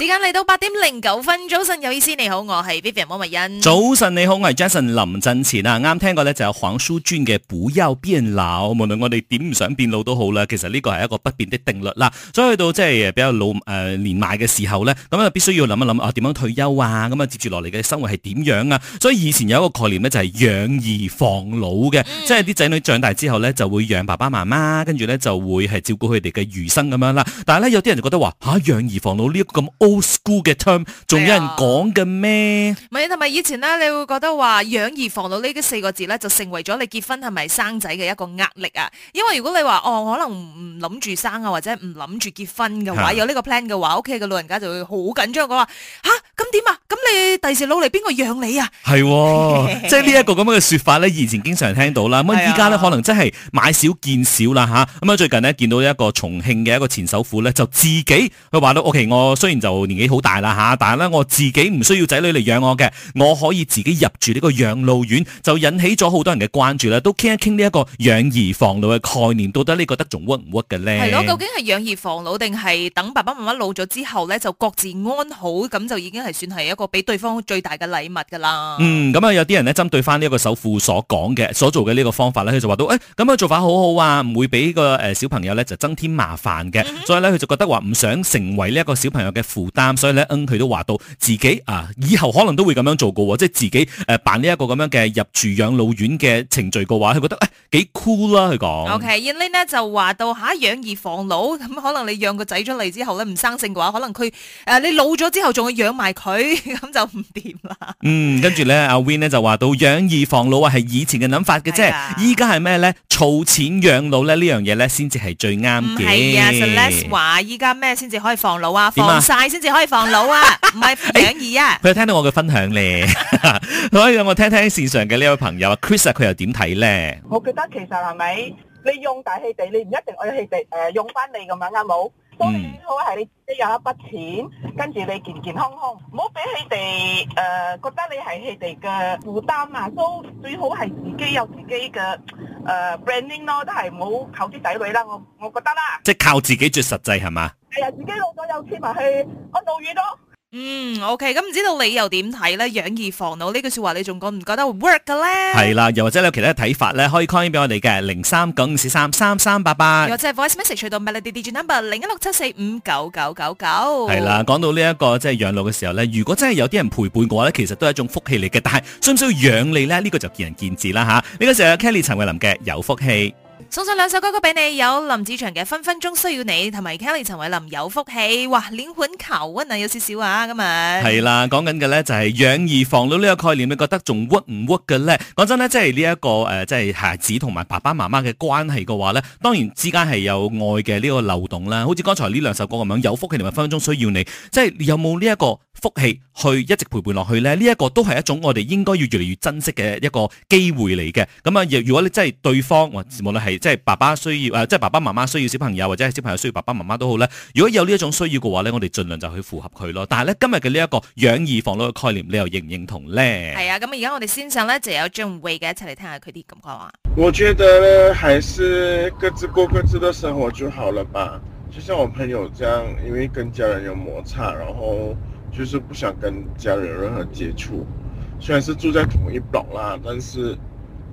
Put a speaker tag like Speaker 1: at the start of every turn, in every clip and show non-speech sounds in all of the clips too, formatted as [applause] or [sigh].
Speaker 1: 時間嚟到八點零九分，早晨有意思，你好，我係 Vivian 莫文欣。早
Speaker 2: 晨你好，我係 Jason 林振前啊！啱聽過咧，就有黃舒駿嘅《不要變老》，無論我哋點唔想變老都好啦。其實呢個係一個不變的定律啦。所以去到即係比較老誒、呃、年邁嘅時候咧，咁、嗯、啊必須要諗一諗啊點樣退休啊咁啊、嗯、接住落嚟嘅生活係點樣啊？所以以前有一個概念咧就係、是、養兒防老嘅，嗯、即係啲仔女長大之後咧就會養爸爸媽媽，跟住咧就會係照顧佢哋嘅餘生咁樣啦。但係咧有啲人就覺得話吓、啊、養兒防老呢一、這個咁。old school 嘅 term 仲有人講嘅咩？
Speaker 1: 唔係、啊，同埋以前咧，你會覺得話養兒防老呢啲四個字咧，就成為咗你結婚係咪生仔嘅一個壓力啊？因為如果你話哦，可能唔諗住生啊，或者唔諗住結婚嘅話，啊、有呢個 plan 嘅話，屋企嘅老人家就會好緊張，講話吓咁點啊？咁、啊、你第時老嚟邊個養你啊？
Speaker 2: 係、啊， [laughs] 即係呢一個咁樣嘅說法咧，以前經常聽到啦。咁啊，依家咧可能真係買少見少啦吓。咁啊，最近呢，見到一個重慶嘅一個前首富咧，就自己佢話到，OK，我雖然就。年紀好大啦吓，但係咧我自己唔需要仔女嚟養我嘅，我可以自己入住呢個養老院，就引起咗好多人嘅關注啦。都傾一傾呢一個養兒防老嘅概念，到底你覺得仲 work 唔 work 嘅咧？係咯，究竟
Speaker 1: 係養兒防老定係等爸爸媽媽老咗之後咧，就各自安好，咁就已經係算係一個俾對方最大嘅禮物噶啦，嗯。嗯、
Speaker 2: 咁、嗯、啊有啲人咧針對翻呢一個首富所講嘅，所做嘅呢個方法咧，佢就話到，誒咁樣做法好好啊，唔會俾個誒小朋友咧就增添麻煩嘅，嗯、哼所以咧佢就覺得話唔想成為呢一個小朋友嘅所以咧，佢都話到自己啊，以後可能都會咁樣做過，即係自己誒、呃、辦呢一個咁樣嘅入住養老院嘅程序嘅話，佢覺得幾、哎、cool 啦，佢講。O.K.
Speaker 1: Yan Li 就話到嚇、啊、養兒防老，咁可能你養個仔出嚟之後咧唔生性嘅話，可能佢、呃、你老咗之後仲會養埋佢，咁 [laughs] 就唔掂啦。
Speaker 2: 嗯，跟住咧，阿 Win 咧就話到養兒防老啊，係以前嘅諗法嘅，啫 Yeah.。」依家係咩咧？儲錢養老咧呢樣嘢咧先至係最啱嘅。唔係啊 Celeste 話
Speaker 1: 依家咩先至可以防老啊？防曬。先至可以防老啊，唔係養兒啊。
Speaker 2: 佢聽到我嘅分享咧，可以讓我聽聽線上嘅呢位朋友啊，Chris 啊，佢又點睇咧？
Speaker 1: 我覺得其實係咪你用大氣地，你唔一定愛氣地誒，用翻你咁樣啱冇？最好係你自己有一筆錢，跟住你健健康康，唔好俾佢哋誒覺得你係佢哋嘅負擔啊，都最好係自己有自己嘅。誒 branding 咯，uh, Brand ing, 都係唔好靠啲仔女啦，我我覺
Speaker 2: 得啦，即係靠自己最實際係嘛？
Speaker 1: 係啊，自己老咗有錢咪去安老院咯。我嗯，OK，咁唔知道你又點睇咧？養兒防老呢句說話，你仲覺唔覺得會 work 嘅咧？
Speaker 2: 係啦，又或者你有其他睇法咧，可以 call 俾我哋嘅零三九五四三三三八八，3, 或
Speaker 1: 者 voice message 去到 Melody number 零一六七四五九九九九。係啦，
Speaker 2: 講到呢、這、一個即係養老嘅時候咧，如果真係有啲人陪伴嘅話咧，其實都係一種福氣嚟嘅。但係需唔需要養你咧？呢、這個就見仁見智啦吓。呢、這個就係係 Kelly 陳慧琳嘅有福氣。
Speaker 1: 送上兩首歌曲俾你，有林子祥嘅《分分鐘需要你》，同埋 Kelly 陳慧琳有福氣，哇！連求球啊，有少少啊，咁啊，係
Speaker 2: 啦，講緊嘅咧就係養兒防老呢個概念，你覺得仲屈唔屈嘅咧？講真咧，即係呢一個誒，即、呃、係、就是、孩子同埋爸爸媽媽嘅關係嘅話咧，當然之間係有愛嘅呢個漏洞啦。好似剛才呢兩首歌咁樣，有福氣同埋分分鐘需要你，即、就、係、是、有冇呢一個福氣去一直陪伴落去咧？呢、這、一個都係一種我哋應該要越嚟越珍惜嘅一個機會嚟嘅。咁啊，如果你真係對方，哇、呃，節目係。即係爸爸需要誒，即係爸爸媽媽需要小朋友，或者係小朋友需要爸爸媽媽都好咧。如果有呢一種需要嘅話咧，我哋盡量就去符合佢咯。但係咧，今日嘅呢一個養兒防老嘅概念，你又認唔認同咧？
Speaker 1: 係啊，咁而家我哋線上咧就有張偉嘅一齊嚟聽下佢啲感覺啊。
Speaker 2: 我覺得咧，還是各自過各自嘅生活就好了吧。就像我朋友這樣，因為跟家人有摩擦，然後就是不想跟家人有任何接觸。雖然是住在同一棟啦，但是。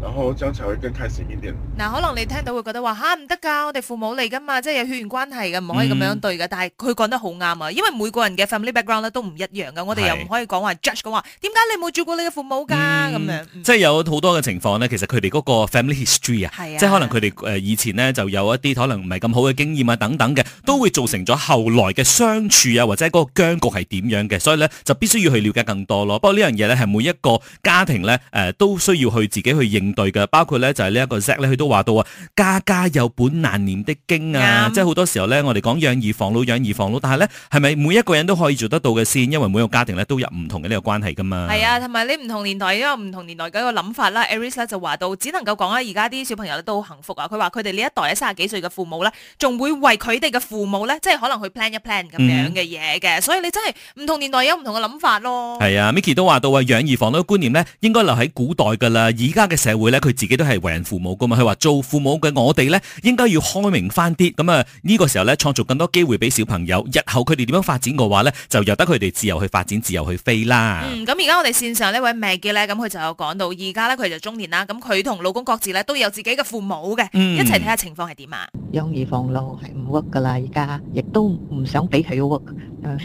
Speaker 2: 然後將才會更開心一點。
Speaker 1: 嗱，可能你聽到會覺得話，吓，唔得噶，我哋父母嚟噶嘛，即係有血緣關係嘅，唔可以咁樣對噶。嗯、但係佢講得好啱啊，因為每個人嘅 family background 都唔一樣噶，我哋又唔可以講話 judge 講話，點解是你冇照顧你嘅父母噶咁、嗯、樣？
Speaker 2: 即係有好多嘅情況呢，其實佢哋嗰個 family history 啊，即係可能佢哋誒以前呢，就有一啲可能唔係咁好嘅經驗啊等等嘅，都會造成咗後來嘅相處啊或者嗰個僵局係點樣嘅，所以呢，就必須要去了解更多咯。不過呢樣嘢呢，係每一個家庭呢，誒、呃、都需要去自己去認。對嘅，包括咧就係呢一個 Zack 咧，佢都話到啊，家家有本難唸的經啊，即係好多時候咧，我哋講養兒防老，養兒防老，但係咧係咪每一個人都可以做得到嘅先？因為每個家庭咧都有唔同嘅呢個關係噶嘛。係
Speaker 1: 啊，同埋你唔同年代，因為唔同年代嗰個諗法啦。Aris 咧就話到，只能夠講啊，而家啲小朋友咧都好幸福啊。佢話佢哋呢一代咧三十幾歲嘅父母咧，仲會為佢哋嘅父母咧，即係可能去 plan 一 plan 咁樣嘅嘢嘅。所以你真係唔同年代有唔同嘅諗法咯。
Speaker 2: 係啊，Miki 都話到啊，養兒防老嘅觀念咧，應該留喺古代㗎啦，而家嘅社會咧，佢自己都係為人父母噶嘛。佢話，做父母嘅我哋咧，應該要開明翻啲。咁啊，呢個時候咧，創造更多機會俾小朋友，日後佢哋點樣發展嘅話咧，就由得佢哋自由去發展，自由去飛啦。嗯，
Speaker 1: 咁而家我哋線上呢位 Maggie 咧，咁佢就有講到，而家咧佢就中年啦。咁佢同老公各自咧都有自己嘅父母嘅，一齊睇下情況係點啊。養兒防老係唔 work 噶啦，而家亦都唔想俾佢要 work，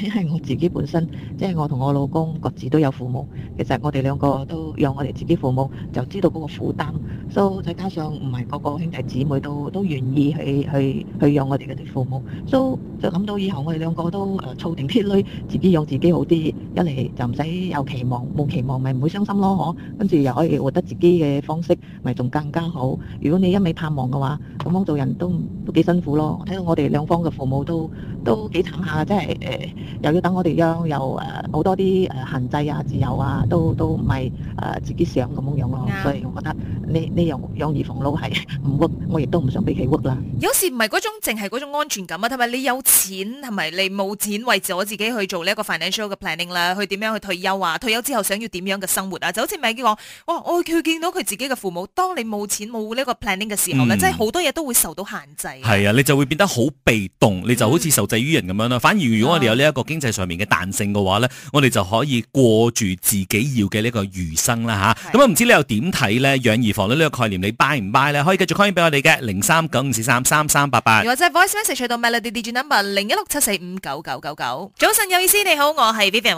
Speaker 1: 因為我自己本身即係我同我老公各自都有父母。其實我哋兩個都有我哋自己父母，就知道嗰個。負擔，再、so, 加上唔係個個兄弟姊妹都都願意去去去養我哋嗰啲父母，以、so, 就諗到以後我哋兩個都誒湊定啲女，自己養自己好啲。嚟就唔使有期望，冇期望咪唔會傷心咯，嗬？跟住又可以活得自己嘅方式，咪仲更加好。如果你一味盼望嘅話，咁樣做人都都幾辛苦咯。睇到我哋兩方嘅父母都都幾慘下、啊、即係誒、呃、又要等我哋養，又誒好、呃、多啲誒、呃、限制啊、自由啊，都都咪誒、呃、自己想咁樣這樣咯。Yeah. 所以我覺得呢呢樣養兒防老係唔 work，我亦都唔想俾佢 work 啦。有時唔係嗰種淨係嗰種安全感啊，同埋你有錢係咪？係咪你冇錢，為自我自己去做呢一個 financial 嘅 planning 啦。去點樣去退休啊？退休之後想要點樣嘅生活啊？就好似咪叫我，我去見到佢自己嘅父母，當你冇錢冇呢個 planning 嘅時候呢，嗯、即係好多嘢都會受到限制、啊。
Speaker 2: 係啊，你就會變得好被動，你就好似受制於人咁樣啦、啊。反而如果我哋有呢一個經濟上面嘅彈性嘅話呢，啊、我哋就可以過住自己要嘅呢個餘生啦吓，咁啊，唔、啊嗯、知你又點睇呢？養兒防老呢個概念？你 buy 唔 buy 呢？可以繼續 call 俾我哋嘅零三九五四三三三八八，或
Speaker 1: 者 voice message 到 melody dg number 零一六七四五九九九九。早晨有意思，你好，我係 Vivian。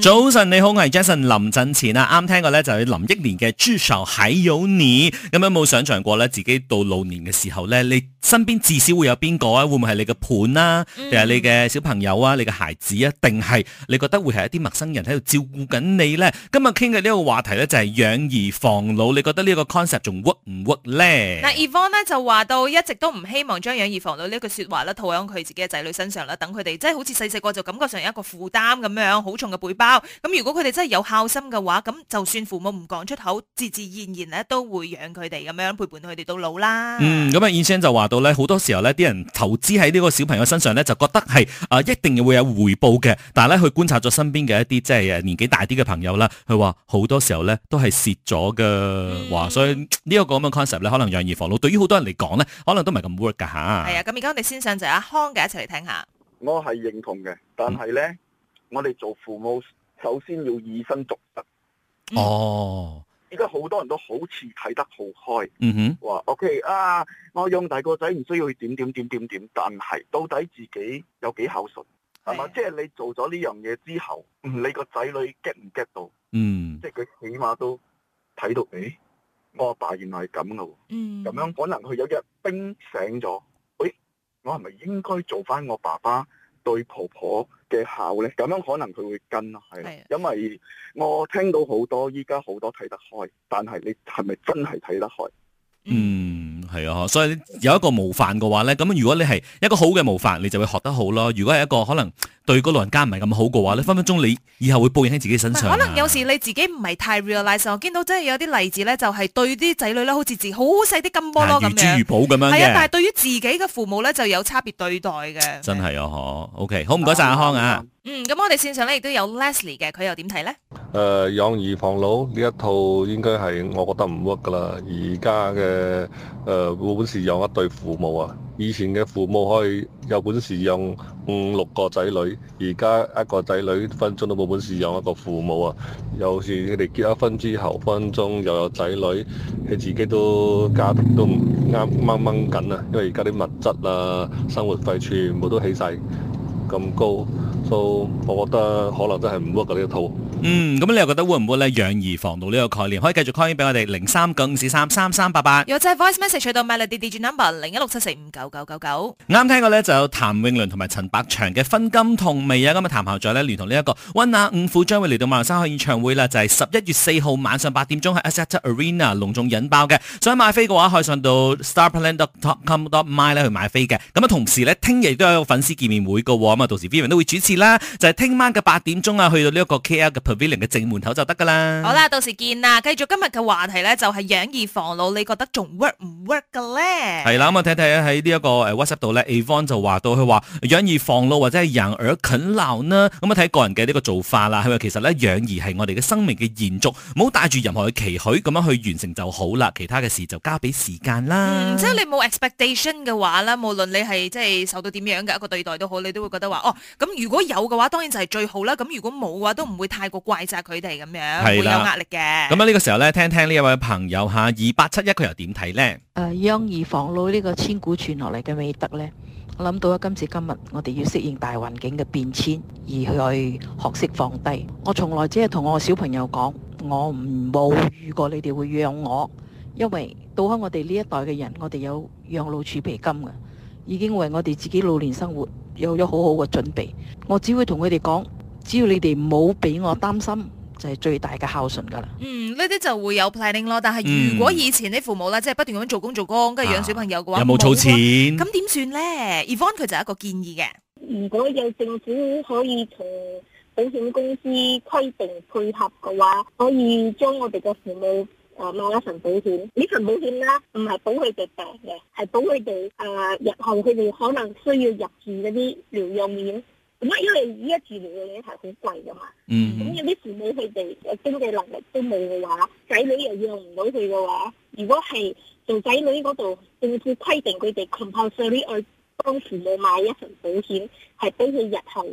Speaker 1: 早
Speaker 2: 晨，你好，我係 Jason。臨陣前啊，啱聽過咧，就係林憶蓮嘅《至少還有你》。咁樣冇想象過咧，自己到老年嘅時候咧，你身邊至少會有邊個啊？會唔會係你嘅伴啊？定係、嗯、你嘅小朋友啊？你嘅孩子啊？定係你覺得會係一啲陌生人喺度照顧緊你呢？今日傾嘅呢個話題咧，就係養兒防老。你覺得活活呢一個 concept 仲 work 唔 work 咧？嗱
Speaker 1: ，Evan 咧就話到，一直都唔希望將養兒防老呢句說話咧套喺佢自己嘅仔女身上啦，等佢哋即係好似細細個就感覺上有一個負擔咁樣，好重。背包咁，如果佢哋真係有孝心嘅話，咁就算父母唔講出口，自自然然咧都會養佢哋咁樣陪伴佢哋到老啦。嗯，
Speaker 2: 咁啊，燕生就話到咧，好多時候咧，啲人投資喺呢個小朋友身上咧，就覺得係啊，一定要會有回報嘅。但係咧，去觀察咗身邊嘅一啲即係誒年紀大啲嘅朋友啦，佢話好多時候咧都係蝕咗嘅話，嗯、所以呢個個咁嘅 concept 咧，可能養兒防老，對於好多人嚟講咧，可能都唔係咁 work 噶吓。係
Speaker 1: 啊，咁而家我哋先上就阿康嘅一齊嚟聽下。
Speaker 2: 我係認同嘅，但係咧。嗯我哋做父母，首先要以身作則。哦，而家好多人都好似睇得好開，嗯哼，話 OK 啊，我養大個仔唔需要去點點點點點，但係到底自己有幾孝順，係嘛？ [laughs] 即係你做咗呢樣嘢之後，你個仔女 get 唔 get 到？嗯，即係佢起碼都睇到誒、哎，我阿爸，爸原來係咁噶喎。嗯，咁樣可能佢有一日冰醒咗，喂、哎，我係咪應該做翻、我爸爸？對婆婆嘅孝咧，咁樣可能佢會跟咯，係。因為我聽到好多，依家好多睇得開，但係你係咪真係睇得開？嗯。係啊，所以有一個模範嘅話咧，咁如果你係一個好嘅模範，你就會學得好咯。如果係一個可能對嗰老人家唔係咁好嘅話咧，分分鐘你以後會報應喺自己身上。可能有
Speaker 1: 時你自己唔係太 realize，我見到真係有啲例子咧，就係對啲仔女咧，好似好細啲金菠蘿咁樣，如珠如寶咁樣。係啊，但係對於自己嘅父母咧，就有差別對待嘅。
Speaker 2: 真係、okay，啊，好 OK，好唔該晒阿康啊。
Speaker 1: 嗯，咁我哋線上咧亦都有 Leslie 嘅，佢又點睇咧？
Speaker 2: 誒養兒防老呢一套應該係我覺得唔 work 噶啦。而家嘅誒冇本事養一對父母啊，以前嘅父母可以有本事養五六個仔女，而家一個仔女分鐘都冇本事養一個父母啊。有時佢哋結咗婚之後，分鐘又有仔女，佢自己都家庭都唔啱掹掹緊啊，因為而家啲物質啊、生活費全部都起晒咁高。So, 我覺得可能真係唔 work 呢一套。嗯，咁你又覺得會唔會咧養兒防老呢個概念？可以繼續 call 俾我哋零三九五四三三三八八，真
Speaker 1: 係 voice message 去到 Melody digital number 零一六七四五九九九九。
Speaker 2: 啱聽過咧，就有譚詠麟同埋陳百祥嘅分金同未啊？咁啊，譚校長咧聯同呢、這、一個溫拿五虎將會嚟到馬來西亞演唱會啦，就係十一月四號晚上八點鐘喺 Axiata Arena 隆重引爆嘅。想買飛嘅話，可以上到 starplan.com.my 去買飛嘅。咁啊，同時咧聽日亦都有個粉絲見面會嘅喎，咁啊，到時 v i l l a 都會主持啦，就係、是、聽晚嘅八點鐘啊，去到呢一個 KL 嘅。嘅正門口就得噶啦。好啦，
Speaker 1: 到時見啦。繼續今日嘅話題咧，就係養兒防老，你覺得仲 work 唔 work 嘅咧？
Speaker 2: 係啦，咁啊睇睇喺呢一個 WhatsApp 度咧，Avon 就話到佢話養兒防老或者係養兒啃老呢。咁啊睇個人嘅呢個做法啦，係咪其實咧養兒係我哋嘅生命嘅延續，唔好帶住任何嘅期許咁樣去完成就好啦。其他嘅事就交俾時間啦。嗯，即係
Speaker 1: 你冇 expectation 嘅話啦，無論你係即係受到點樣嘅一個對待都好，你都會覺得話哦，咁如果有嘅話，當然就係最好啦。咁如果冇嘅話，都唔會太過。怪責佢哋咁樣，會有壓力嘅。
Speaker 2: 咁啊呢個時候咧，聽聽呢一位朋友吓二八七一佢又點睇呢？誒、
Speaker 1: 呃，養兒防老呢個千古傳落嚟嘅美德呢？我諗到啊今時今日我哋要適應大環境嘅變遷而去學識放低。我從來只係同我嘅小朋友講，我唔冇遇過你哋會養我，因為到喺我哋呢一代嘅人，我哋有養老儲備金嘅，已經為我哋自己老年生活有咗好好嘅準備。我只會同佢哋講。只要你哋唔好俾我擔心，就係、是、最大嘅孝順噶啦。嗯，呢啲就會有 planning 咯。但係如果以前啲父母咧，嗯、即係不斷咁樣做工做工，跟住養小朋友嘅話，有冇儲錢？咁點算咧？Evon 佢就一個建議嘅。如果有政府可以同保險公司規定配合嘅話，可以將我哋嘅父母誒買、呃、一份保險。呢份保險咧，唔係保佢哋病嘅，係保佢哋誒日後佢哋可能需要入院嗰啲療養院。咁啊，因為依家治療嘅嘢係好貴㗎嘛，咁、嗯、哼有啲父母佢哋嘅經濟能力都冇嘅話，仔女又養唔到佢嘅話，如果係做仔女嗰度，政府規定佢哋 compulsory 要幫父母買一份保險，係俾佢日後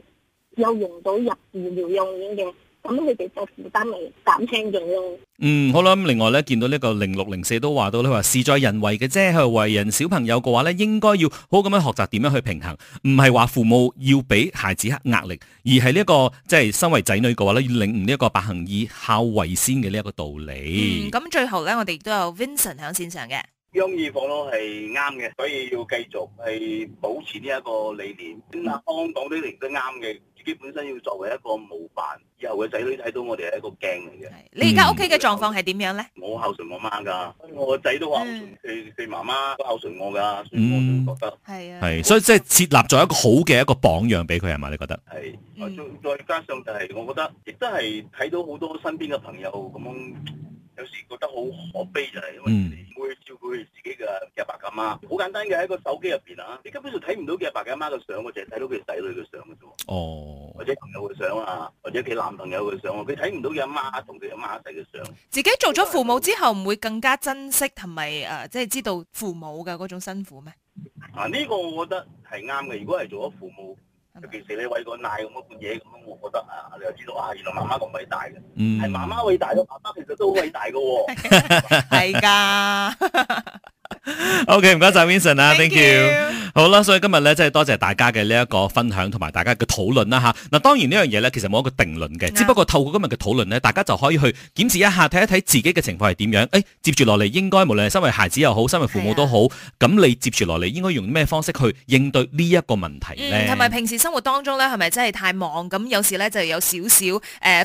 Speaker 1: 有用到入治療用院嘅。咁佢哋個負擔
Speaker 2: 咪減輕咗咯？嗯，好啦，咁另外咧，見到呢個零六零四都話到咧，話事在人為嘅啫，係為人小朋友嘅話咧，應該要好咁樣學習點樣去平衡，唔係話父母要俾孩子壓力，而係呢一個即係身為仔女嘅話咧，要領悟呢一個百行以孝為先嘅呢一個道理。
Speaker 1: 咁、嗯、最後咧，我哋亦都有 Vincent 喺線上嘅。
Speaker 2: 養兒防老咯係啱嘅，所以要繼續係保持呢一個理念。咁啊，香港啲人都啱嘅，自己本身要作為一個模範，以後嘅仔女睇到我哋係一個鏡嚟嘅。你而
Speaker 1: 家屋企嘅狀況係點樣咧？
Speaker 2: 冇、嗯、孝順我媽㗎，我個仔都話孝順佢，佢媽媽都孝順我㗎，所以我都覺得係、嗯、啊。係是，所以即係設立咗一個好嘅一個榜樣俾佢係嘛？你覺得係。嗯、再加上就係、是，我覺得亦都係睇到好多身邊嘅朋友咁樣。有時覺得好可悲就係，唔會照顧佢自己嘅阿爸阿媽，好、嗯、簡單嘅喺個手機入邊啊，你根本就睇唔到佢阿爸阿媽嘅相，我淨係睇到佢仔女嘅相嘅啫，哦、或者朋友嘅相啊，或者佢男朋友嘅相，佢睇唔到佢阿媽同佢阿媽仔嘅相。
Speaker 1: 自己做咗父母之後，唔會更加珍惜同埋誒，即係、啊就是、知道父母嘅嗰種辛苦咩？
Speaker 2: 啊，呢、這個我覺得係啱嘅。如果係做咗父母。尤其是你餵個奶咁樣半夜咁樣，我覺得啊，你又知道啊，原來媽媽咁偉大嘅，嗯，係媽媽偉大嘅，爸爸其實都好偉大嘅喎，係㗎。OK，唔該晒 Vincent 啊，Thank you。好啦 Yeah.，所以今日咧，真係多謝大家嘅呢一個分享，同埋大家嘅討論啦吓。嗱，當然呢樣嘢咧，其實冇一個定論嘅，只不過透過今日嘅討論呢，大家就可以去檢視一下，睇一睇自己嘅情況係點樣。誒，接住落嚟應該無論係身為孩子又好，身為父母都好，咁你接住落嚟應該用咩方式去應對呢一個問題呢？同埋
Speaker 1: 平時生活當中呢，係咪真係太忙？咁有時呢，就有少少誒，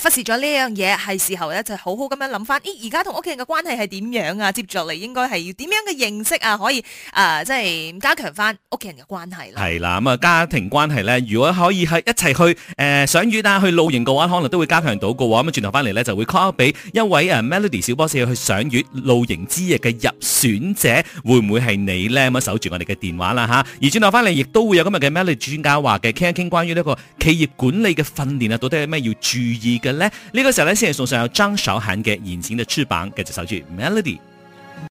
Speaker 1: 忽視咗呢樣嘢，係時候呢，就好好咁樣諗翻，咦，而家同屋企人嘅關係係點樣啊？接住落嚟應該係要點樣嘅認識。識啊，可以、呃、即係加強翻屋企人嘅關係啦。
Speaker 2: 係啦，咁、嗯、啊，家庭關係咧，如果可以係一齊去誒賞月啊，去露營嘅話，可能都會加強到嘅話、哦，咁、嗯、啊，轉頭翻嚟咧，就會 call 俾一位誒、啊、Melody 小波士去賞月露營之夜嘅入選者，會唔會係你咧？咁、嗯、啊，守住我哋嘅電話啦吓。而轉頭翻嚟，亦都會有今日嘅 Melody 專家話嘅，傾一傾關於呢個企業管理嘅訓練啊，到底有咩要注意嘅咧？呢、這個時候咧，先係送上張韶涵嘅《隱形的翅膀》，繼續守住 Melody。